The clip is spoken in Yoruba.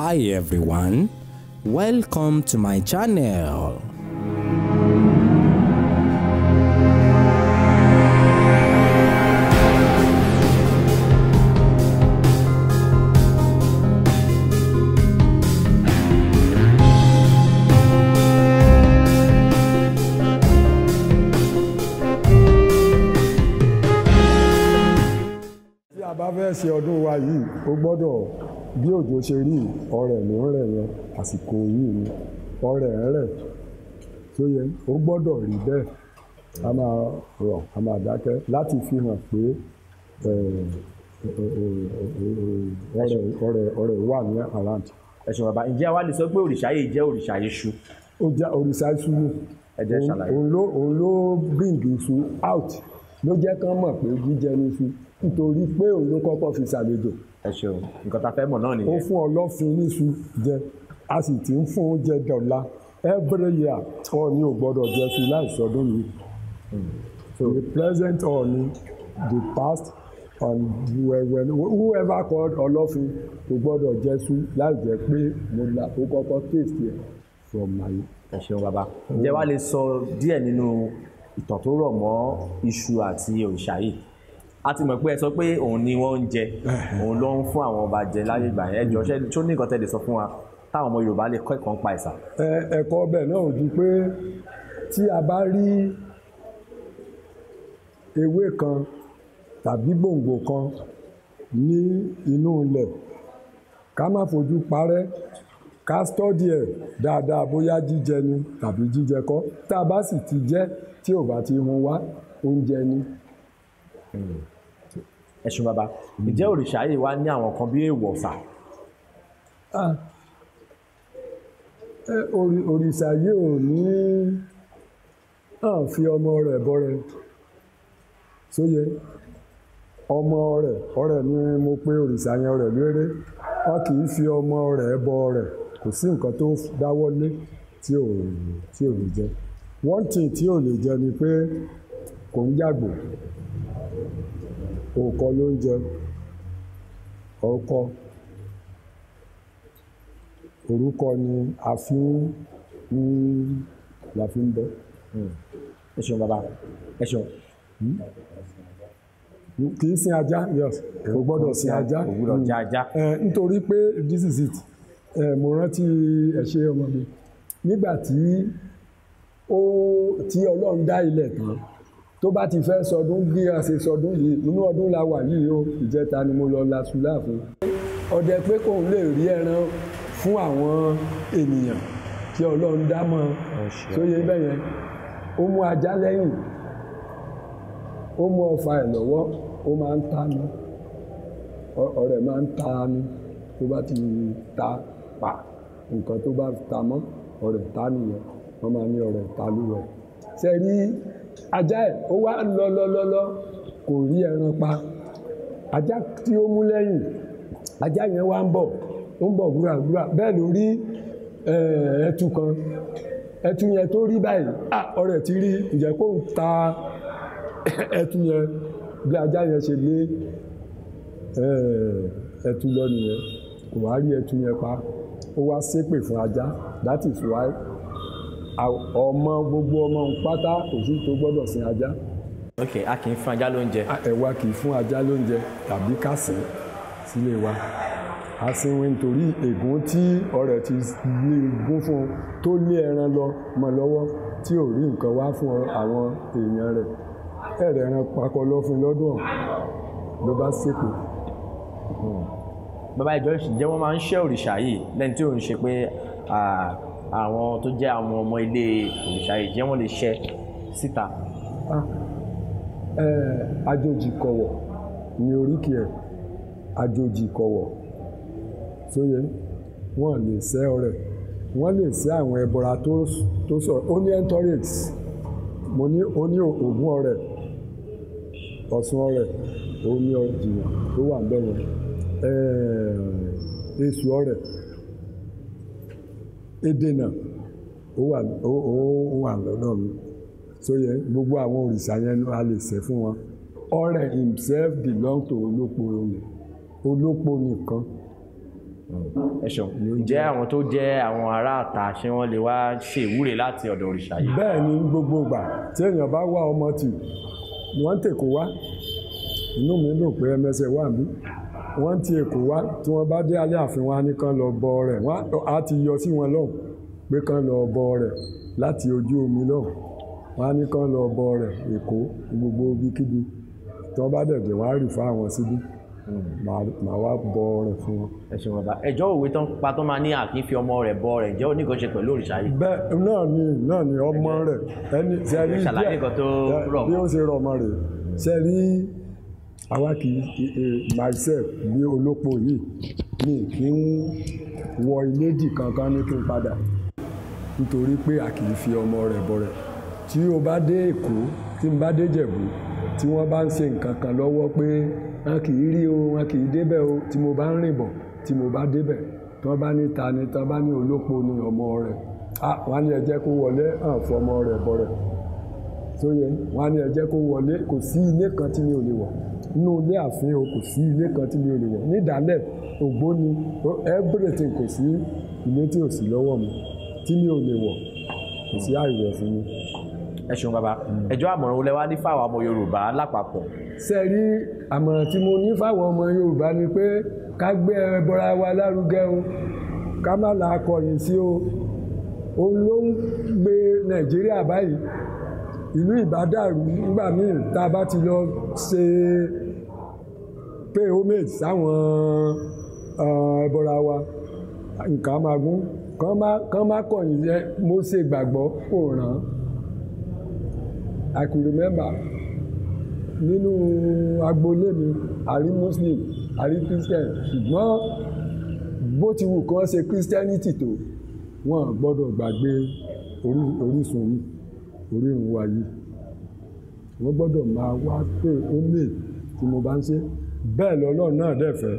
Hi everyone, welcome to my channel. bá ṣe ọdún wa yìí ó gbọ́dọ̀ bí òjò ṣe rí ọrẹ ló ń rẹ yẹn àsìkò yìí ni ọrẹ ń rẹ tó yẹ ó gbọ́dọ̀ rí bẹ́ẹ̀ a máa rọ̀ a máa dákẹ́ láti fi hàn pé ọrẹ ọrẹ ọrẹ wà ní around. ẹ ṣe bàbá ǹjẹ́ àwa lè sọ pé òrìṣà yìí jẹ́ òrìṣà iṣu. ó jẹ́ òrìṣà iṣu ni òun ló òun ló bring iṣu out ló jẹ́ kán mọ̀ pé jíjẹ níṣu nítorí pé òun ló kọ́kọ́ fi ṣàlejò. ẹ ṣeun nǹkan tá a fẹ́ mọ̀ náà nìyẹn. ó fún ọlọ́fin níṣu jẹ a sì ti ń fún oúnjẹ dọ̀la every year ọ̀ọ́ni ò gbọ́dọ̀ jẹ sí láìsọdún yìí. so the present ọ̀ọ́ni the past and wẹ̀wẹ̀ whoever called ọlọ́fin kò gbọ́dọ̀ jẹ sí láì jẹ́ pé mo là ó kọ́kọ́ taste yẹ from my. ẹ ṣeun bàbá ǹjẹ́ wàá lè sọ díẹ̀ nínú ìtàn tó rọ̀ mọ́ iṣu àti òrìṣà yìí a ti mọ̀ pé ẹ sọ pé òun ni wọ́n ń jẹ òun ló ń fún àwọn ọba jẹ láyé ìgbà yẹn ẹjọ́ ṣé tó ní nǹkan tẹ́ sọ fún wa táwọn ọmọ Yorùbá lè kọ́ ẹ̀kọ́ ń pa ìsà. ẹ̀kọ́ ọbẹ̀ náà ò ju pé tí a bá rí ewé kan tàbí gbòǹgbò kan ní inú ilẹ̀ ká má fojú parẹ́ ká stọ́dì ẹ̀ dáadáa bóyá jíjẹ ni tàbí jíjẹ kọ́ tá a bá sì ti jẹ tí ò bá ti hun wá oúnjẹ ni. ẹ ṣeun bàbá ìjẹ́ òrìṣà yìí wá ní àwọn kan bí èèwọ̀ sà. òrìṣà yìí ò ní à ń fi ọmọ rẹ̀ bọrẹ sóye ọmọ rẹ̀ ọ̀rẹ́ ni mo pé òrìṣà yẹn ọ̀rẹ́ lóore wọn kì í fi ọmọ rẹ̀ bọ rẹ̀ kò sí nǹkan tó dáwọ́ lé tí ò ní jẹ́ one thing tí ò lè jẹ ni pé kò ń jàgbò òkọ ló ń jẹ ọkọ orúkọ ni a fi ń la fi ń bẹ hmm. ẹ ṣeun bàbá ẹ ṣeun hmm? kì í sin ajá yes kò gbọ́dọ̀ sin ajá kò gbọ́dọ̀ jẹ ajá hmm. eh, nítorí pé this is it eh, mo rántí ẹ̀ṣẹ̀ ọmọ mi nígbà tí ó tí ọlọ́run dá ilẹ̀ tán tó bá ti fẹ́ sọdún bí a ṣe sọdún yìí inú ọdún la wà yìí o ìjẹta ni mo lọ la sùlá fún ọdẹ pé kò ń lè rí ẹran fún àwọn ènìyàn tí ọlọ́run dá mọ́ tó yẹ bẹ́yẹn ó mú ajá lẹ́yìn ó mú ọfà ẹ̀ lọ́wọ́ ó máa ń ta ni ọ̀rẹ́ máa ń ta ni tó bá ti ta pa nǹkan tó bá ta mọ́ ọ̀rẹ́ ta nìyẹn wọ́n máa ní ọ̀rọ̀ ìtàlúwẹ̀ ṣe rí ajá ẹ̀ ó wá lọ́lọ́lọ́lọ́ kò rí ẹran pa ajá tí ó mú lẹ́yìn ajá yẹn wá ń bọ̀ ó ń bọ̀ wúràwúrà bẹ́ẹ̀ ló rí ẹtu kan ẹtu yẹn tó rí báyìí à ọ̀rẹ́ ti rí ìjẹ́ kó ń ta ẹtu yẹn bí ajá yẹn ṣe lé ẹtu lọ nìyẹn kò wá rí ẹtu yẹn pa ó wá ṣépè fún ajá that is why ọmọ gbogbo ọmọ pátá kò sí tó gbọ́dọ̀ sin ajá. ok a kì í fún ajá lóúnjẹ. ẹ̀wà kì í fún ajá lóúnjẹ tàbí ká sìn sílé wa a sinwi nítorí ègún tí ọ̀rẹ́ ti lé gún fún un tó lé ẹran lọ mọ́ lọ́wọ́ tí ò rí nǹkan wá fún àwọn èèyàn rẹ̀ ẹ̀rẹ̀ ẹran pakọ lọ fún lọ́dún ọ̀hún ló bá ṣépè hmm. bàbá ìjọ ìṣìjẹ́ wọ́n máa ń ṣe òrìṣà yìí lẹ́ni tí ò ń ṣe pé àwọn tó jẹ́ àwọn ọmọ ilé òrìṣà yìí jẹ́ wọ́n lè ṣẹ síta. Ah, àjòjì kọ̀wọ̀ ni oríkì ẹ̀ àjòjì kọ̀wọ̀ sóye wọ́n lè ṣẹ́ ọrẹ wọ́n lè ṣẹ́ àwọn ẹbọra tó sọ̀rọ̀ ó ní entourage mo ní ó ní ògùn ọrẹ ọ̀sùn ọrẹ ó ní ọ̀jìyàn tó wà ń bẹ̀rẹ̀ èṣù ọrẹ èdè náà ó wà ó wà lọ́dọ̀ mi tó yẹ gbogbo àwọn òrìṣà yẹn a lè ṣe fún wọn ọrẹ himself belong to olópo olè olópo nìkan. ẹ ṣeun ǹjẹ́ àwọn tó jẹ́ àwọn aráàta ṣé wọ́n lè wá ṣe ìwúre láti ọ̀dọ̀ òrìṣà yìí. bẹ́ẹ̀ ni gbogbo ìgbà tí èèyàn bá wá ọmọ tì wọ́n tèkó wá inú mi dùn pé ẹ mẹsẹ̀ wà mí wọ́n ti èkó wá tí wọ́n bá dé alẹ́ ààfin wa ní kán lọ bọ rẹ̀ wọ́n á ti yọ sí wọn lọ́hùn pé kán lọ bọ rẹ̀ láti ojú omi lọ́hùn wọ́n á ní kán lọ bọ rẹ̀ èkó gbogbo ibikíbi tí wọ́n bá dẹ̀dẹ̀ wọ́n á rì fún àwọn síbí màá wá bọ rẹ̀ fún wọn. ẹ ṣeun bàbá ẹjọ́ òwe tán pa tán máa ní àkín fi ọmọ rẹ̀ bọ rẹ̀ ǹjẹ́ ó ní nǹkan ṣe pẹ̀lú òrìṣà yìí. bẹ́ẹ̀ náà ni náà ni ọmọ rẹ̀ ẹni ṣe rí díẹ̀ bí ó ṣe rọ ọmọ rẹ̀ ṣe rí àwa kì í eh, myself ní olóko yìí mi kì í wọ ilédì kankan ní kí n padà nítorí pé a kì í fi ọmọ rẹ̀ bọ̀rẹ̀ tí o bá dé èkó tí n bá dé jẹ̀bú tí wọ́n bá ń ṣe nǹkan kan lọ́wọ́ pé wọn kì í rí o wọn kì í débẹ̀ o tí mo bá ń rìn bọ̀ tí mo bá débẹ̀ tí wọ́n bá ní ta ni tí wọ́n bá ní olóko ni ọmọ rẹ̀ wọ́n ní ẹ jẹ́ kó wọlé hàn fún ọmọ rẹ̀ bọ̀rẹ̀ tó yẹ wọ́n ní ẹ jẹ́ kó wọlé kò sí ilé kan tí mi ò lè wọ̀ inú ilé ààfin o kò sí ilé kan tí mi ò lè wọ̀ nídàálẹ̀ ògbóni everything kò sí ilé tí ò sí lọ́wọ́ mi tí mi ò lè wọ̀ kò sí àìwọ̀ fún mi. ẹ ṣeun bàbá hmm. ẹjọ́ àmọ̀ràn wo lẹ wá ní fáwọn ọmọ Yorùbá lápapọ̀. ṣe rí àmọ̀ràn tí mo ní fáwọn ọmọ Yorùbá ni pé ká gbé ẹbọra wa lárugẹ o ká má la akọ̀yìn sí o òun ló ń gbé Nàìjíríà báyìí ìlú ìbádàrú nígbà míì tá a bá ti lọ ṣe pé homage sáwọn eh, ẹbọra wa nǹkan máa gún kán má kọ̀yìn jẹ́ mo ṣe gbàgbọ́ kò ràn I could remember nínú agboolé mi àrí muslim àrí christian ṣùgbọ́n bó ti wù kán ṣe christianity tó wọ́n gbọ́dọ̀ gbàgbé orísun yìí orírun wa yìí wọ́n gbọ́dọ̀ máa wá pé ó mè tí mo bá ń ṣe bẹ́ẹ̀ lọ́lọ́run náà dẹ̀ fẹ́.